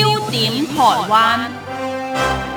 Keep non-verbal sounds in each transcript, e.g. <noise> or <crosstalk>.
焦點台灣。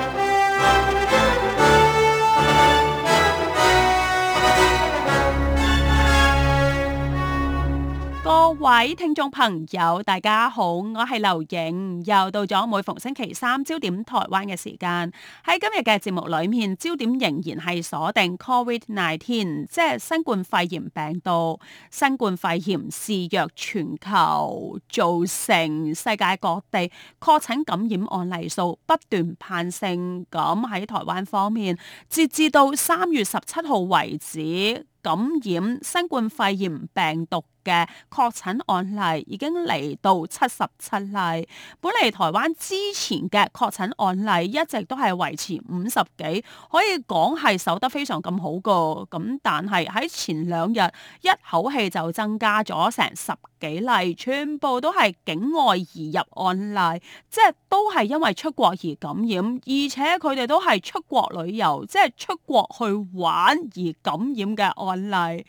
各位聽眾朋友，大家好，我係劉影，又到咗每逢星期三焦點台灣嘅時間喺今日嘅節目裏面，焦點仍然係鎖定 COVID nineteen，即係新冠肺炎病毒。新冠肺炎肆虐全球，造成世界各地確診感染案例數不斷攀升。咁喺台灣方面，截至到三月十七號為止，感染新冠肺炎病毒嘅確診案例已經嚟到七十七例，本嚟台灣之前嘅確診案例一直都係維持五十幾，可以講係守得非常咁好噶。咁但係喺前兩日一口氣就增加咗成十幾例，全部都係境外移入案例，即係都係因為出國而感染，而且佢哋都係出國旅遊，即係出國去玩而感染嘅案例。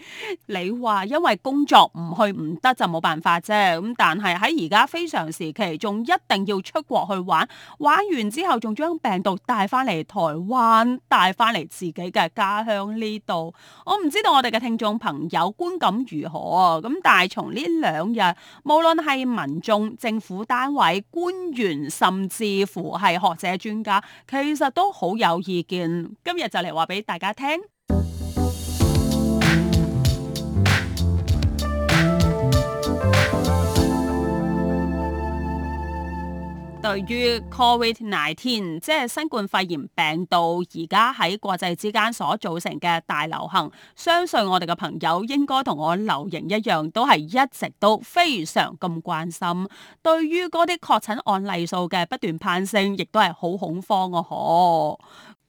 你話因為工作唔唔去唔得就冇辦法啫，咁但係喺而家非常時期，仲一定要出國去玩，玩完之後仲將病毒帶翻嚟台灣，帶翻嚟自己嘅家鄉呢度，我唔知道我哋嘅聽眾朋友觀感如何啊？咁但係從呢兩日，無論係民眾、政府單位、官員，甚至乎係學者專家，其實都好有意見。今日就嚟話俾大家聽。對於 Covid nineteen，即係新冠肺炎病毒而家喺國際之間所造成嘅大流行，相信我哋嘅朋友應該同我劉盈一樣，都係一直都非常咁關心。對於嗰啲確診案例數嘅不斷攀升，亦都係好恐慌啊！嗬。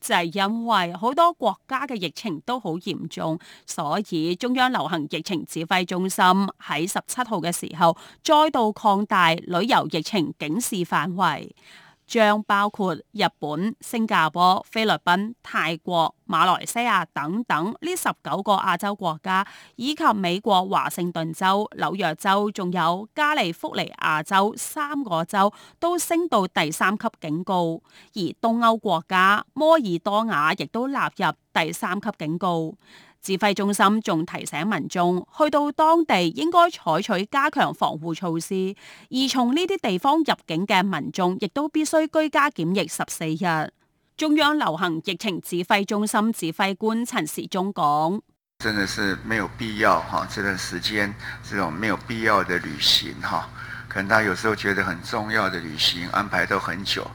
就係因為好多國家嘅疫情都好嚴重，所以中央流行疫情指揮中心喺十七號嘅時候再度擴大旅遊疫情警示範圍。將包括日本、新加坡、菲律賓、泰國、馬來西亞等等呢十九個亞洲國家，以及美國華盛頓州、紐約州，仲有加利福尼亞州三個州，都升到第三級警告。而東歐國家摩爾多瓦亦都納入第三級警告。指揮中心仲提醒民眾，去到當地應該採取加強防護措施，而從呢啲地方入境嘅民眾亦都必須居家檢疫十四日。中央流行疫情指揮中心指揮官陳時中講：真的是沒有必要哈，這段時間這種沒有必要的旅行哈，可能大家有時候覺得很重要的旅行安排都很久，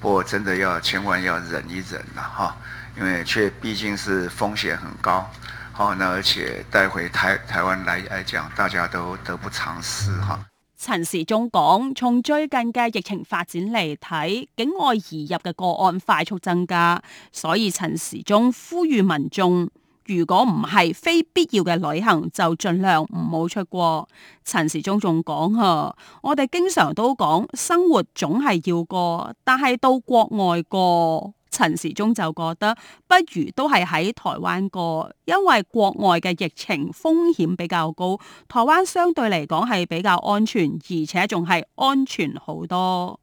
不過真的要千萬要忍一忍啦，哈。因為卻畢竟是風險很高，哦、啊，那而且帶回台台灣來來講，大家都得不償失哈。啊、陳時中講，從最近嘅疫情發展嚟睇，境外移入嘅個案快速增加，所以陳時中呼籲民眾，如果唔係非必要嘅旅行，就盡量唔好出國。陳時中仲講，我哋經常都講，生活總係要過，但係到國外過。陳時中就覺得不如都係喺台灣過，因為國外嘅疫情風險比較高，台灣相對嚟講係比較安全，而且仲係安全好多。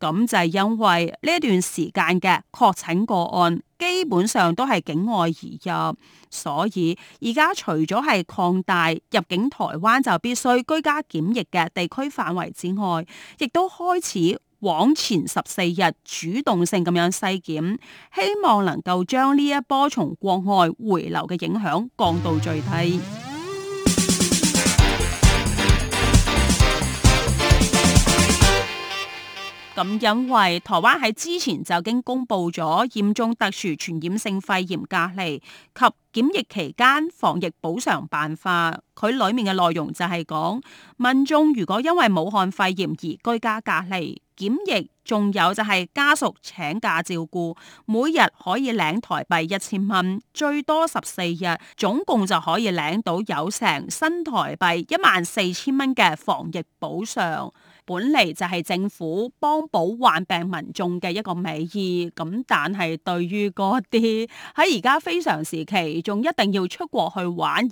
咁就係因為呢段時間嘅確診個案基本上都係境外移入，所以而家除咗係擴大入境台灣就必須居家檢疫嘅地區範圍之外，亦都開始。往前十四日主動性咁樣篩檢，希望能夠將呢一波從國外回流嘅影響降到最低。咁 <music> 因為台灣喺之前就已經公布咗嚴重特殊傳染性肺炎隔離及檢疫期間防疫補償辦法，佢裡面嘅內容就係講民眾如果因為武漢肺炎而居家隔離。檢疫，仲有就係家屬請假照顧，每日可以領台幣一千蚊，最多十四日，總共就可以領到有成新台幣一萬四千蚊嘅防疫補償。本嚟就係政府幫補患病民眾嘅一個美意，咁但係對於嗰啲喺而家非常時期仲一定要出國去玩而染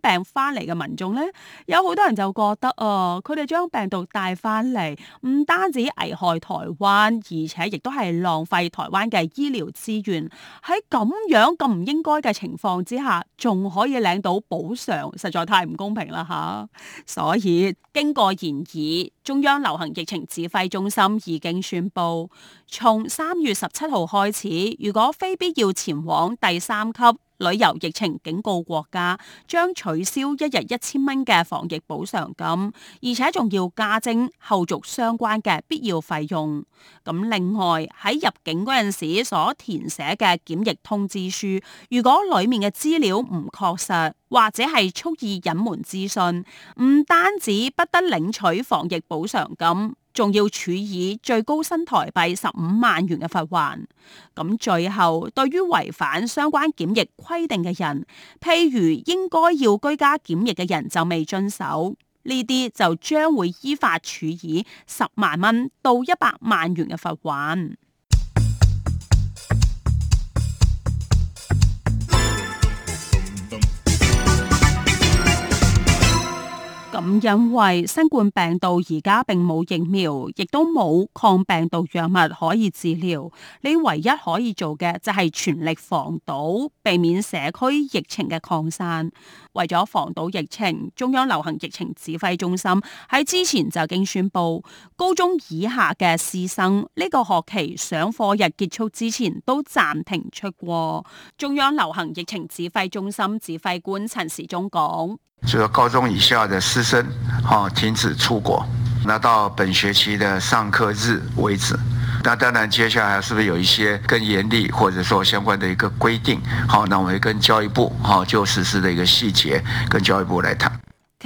病翻嚟嘅民眾咧，有好多人就覺得啊，佢哋將病毒帶翻嚟，唔單止危害台灣，而且亦都係浪費台灣嘅醫療資源。喺咁樣咁唔應該嘅情況之下，仲可以領到補償，實在太唔公平啦吓，所以經過研議。終於，將流行疫情指揮中心已經宣布，從三月十七號開始，如果非必要前往第三級，旅遊疫情警告國家，將取消一日一千蚊嘅防疫補償金，而且仲要加徵後續相關嘅必要費用。咁另外，喺入境嗰陣時所填寫嘅檢疫通知書，如果裏面嘅資料唔確實，或者係蓄意隱瞞資訊，唔單止不得領取防疫補償金。仲要處以最高新台幣十五萬元嘅罰鍰，咁最後對於違反相關檢疫規定嘅人，譬如應該要居家檢疫嘅人就未遵守，呢啲就將會依法處以十萬蚊到一百萬元嘅罰鍰。咁因為新冠病毒而家並冇疫苗，亦都冇抗病毒藥物可以治療。你唯一可以做嘅就係全力防堵，避免社區疫情嘅擴散。為咗防堵疫情，中央流行疫情指揮中心喺之前就已經宣布，高中以下嘅師生呢個學期上課日結束之前都暫停出國。中央流行疫情指揮中心指揮官陳時中講，就高中以下嘅師生、啊，停止出國，那到本學期的上課日為止。那當然，接下來是不是有一些更嚴厲，或者說相關的一個規定？好，那我們會跟教育部，好，就實施的一個細節，跟教育部來談。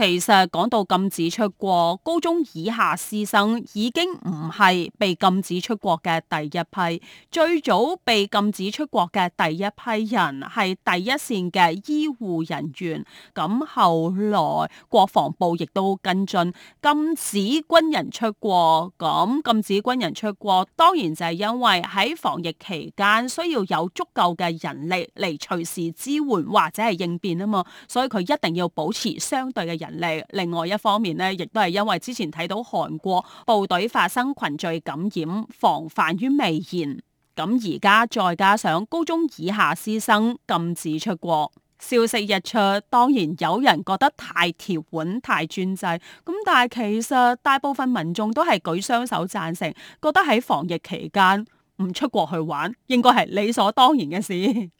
其實講到禁止出國，高中以下師生已經唔係被禁止出國嘅第一批。最早被禁止出國嘅第一批人係第一線嘅醫護人員。咁後來國防部亦都跟進禁止軍人出國。咁禁止軍人出國，當然就係因為喺防疫期間需要有足夠嘅人力嚟隨時支援或者係應變啊嘛。所以佢一定要保持相對嘅人。另外一方面呢，亦都係因為之前睇到韓國部隊發生群聚感染，防範於未然。咁而家再加上高中以下師生禁止出國，消息一出，當然有人覺得太條腕、太專制。咁但係其實大部分民眾都係舉雙手贊成，覺得喺防疫期間唔出國去玩，應該係理所當然嘅事。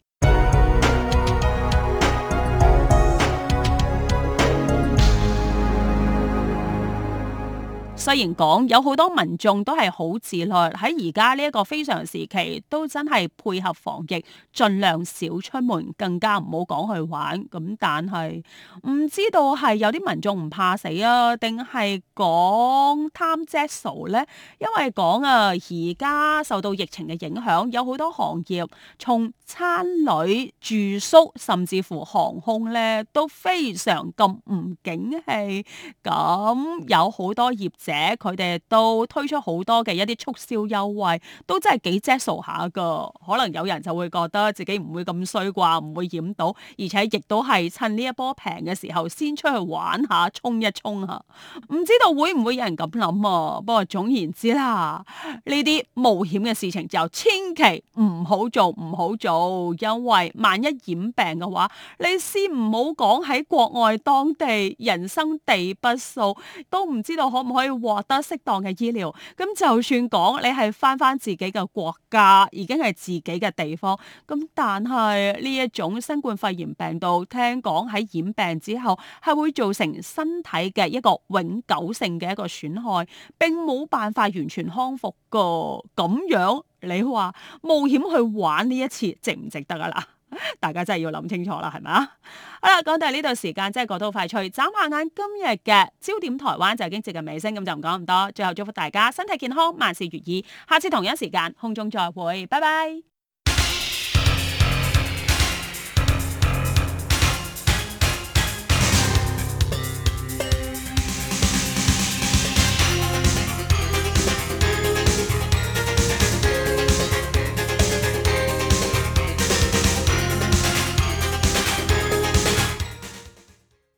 雖然講有好多民眾都係好自律，喺而家呢一個非常時期都真係配合防疫，盡量少出門，更加唔好講去玩。咁但係唔知道係有啲民眾唔怕死啊，定係講貪即手咧？因為講啊，而家受到疫情嘅影響，有好多行業從餐旅、住宿，甚至乎航空咧，都非常咁唔景氣，咁有好多業者。嘅佢哋都推出好多嘅一啲促銷優惠，都真係幾 jetso 下噶。可能有人就會覺得自己唔會咁衰啩，唔會染到，而且亦都係趁呢一波平嘅時候先出去玩下，衝一衝啊！唔知道會唔會有人咁諗？啊，不過總言之啦、啊，呢啲冒險嘅事情就千祈唔好做，唔好做，因為萬一染病嘅話，你先唔好講，喺國外當地，人生地不熟，都唔知道可唔可以獲得適當嘅醫療，咁就算講你係翻翻自己嘅國家，已經係自己嘅地方，咁但係呢一種新冠肺炎病毒，聽講喺染病之後係會造成身體嘅一個永久性嘅一個損害，並冇辦法完全康復噶。咁樣你話冒險去玩呢一次，值唔值得噶啦？大家真係要諗清楚啦，係咪啊？ <laughs> 好啦，講到呢度時間真係過得快脆。眨下眼今日嘅焦點台灣就已經接近尾聲，咁就唔講咁多。最後祝福大家身體健康，萬事如意。下次同樣時間空中再會，拜拜。